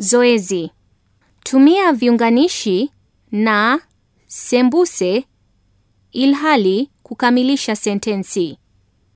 Zoezi. Tumia viunganishi na sembuse ilhali kukamilisha sentensi.